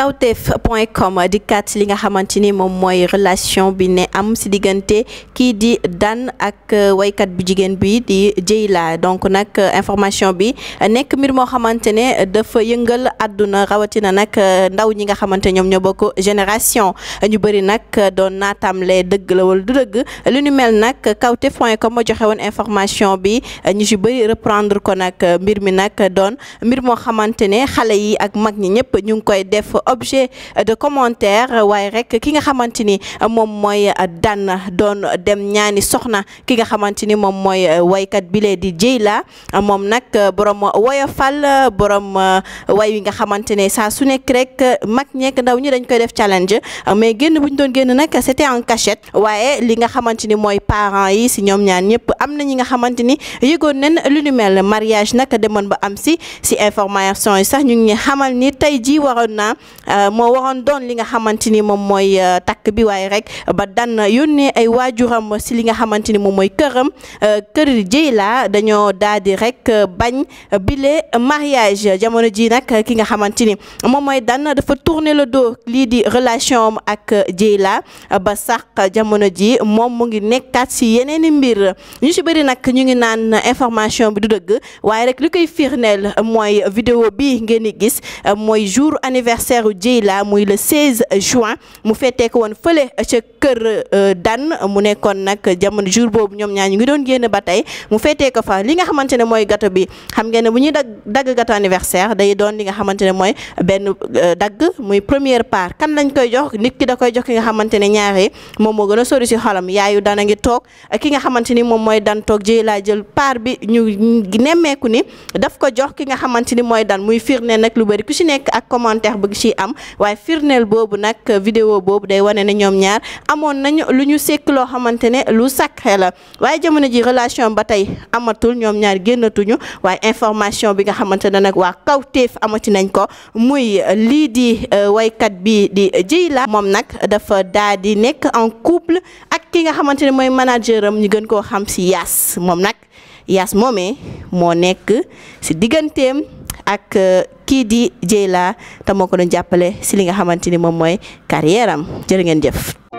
kawtef point com dikkaat li nga xamante ni moom mooy relation bi ne am si diggante kii di Dan ak euh, waykat bu jigéen bi di Dieyla donc nag euh, information bi nekk mbir moo xamante ne dafa yëngal adduna rawatina nag euh, ndaw ñi nga xamante ñoom ñoo bokk génération ñu bëri nag doon naatam naatamle dëgg la wala du dëgg lu ñu mel nag kawtef point com joxe woon information bi ñu si bëri reprendre ko nag mbir mi nag doon mbir moo xamante ne xale yi ak mag ñi ñëpp ñu koy def objet de commentaire waaye rek ki nga xamante ni moom mooy daan doon dem ñaani soxna ki nga xamante ni moom mooy waykat bile di Dieyla moom nag borom woyofal borom way wi nga xamante ne saa su nekk rek mag ñeek ndaw ñi dañ koy def challenge mais génn bu ñu doon génn nag c'était en cachette waaye li nga xamante ni mooy parents yi si ñoom ñaan ñëpp am na ñi nga xamante ni yëgoon nañ lu nu mel mariage nag demoon ba am si si information yi sax ñu ngi xamal ni tey ji waroon naa Euh, moo waxoon doon li nga xamante ni moom mooy euh, takk bi waaye rek ba dan yónnee ay waajuram si li nga xamante ni moom mooy këram euh, kër Dieyla dañoo daal rek bañ bile mariage jamono ji nag ki nga xamante ni moom mooy dan dafa tourner le dos lii di relation am ak Dieyla ba sax jamono ji moom mu ngi nekkaat si yeneen i mbir ñu si bëri nag ñu ngi naan information bi du dëgg waaye rek li koy firndeel mooy vidéo bi ngeen di gis mooy jour anniversaire weeru ji la muy le 16 juin mu fetteeko won fële ca kër euh, dan mu nekkoon nag jamono jour boobu ñoom ñaar ñu ngi doon génn ba tey mu feetee ko fa li nga xamante ne mooy gato bi xam ngeen ne bu ñuy dag dagg gâteau anniversaire day doon li nga xamante ne mooy benn euh, dagg muy première part kan lañ koy jox nit ki da koy jox ki nga xamante ne ñaare moom moo gën a sori si xolam yaayu dana ngi toog ki nga xamante ni moom mooy dan toog jëy laa jël part bi ñu nemmeeku ni daf ko jox ki nga xamante ni mooy dan muy firndeel nag lu bëri ku si nekk ak commentaire bëgg si am waaye firndeel boobu nag vidéo boobu day wane ne ñoom ñaar amoon nañu lu ñu sekk loo xamante ne lu sacré la waaye jamono ji relation ba tey amatul ñoom ñaar génnatuñu waaye information bi nga xamante ne nag waa kawteef amati nañ ko muy lii di euh, waykat bi di Dieyla moom nag dafa daa di nekk en couple ak ki nga xamante ne mooy manager am ñu gën koo xam si Yaas moom nag Yaas moomee moo nekk si digganteem ak euh, kii di Dieyla te moo ko doon jàppale si li nga xamante ni moom mooy carrière am jërë jëf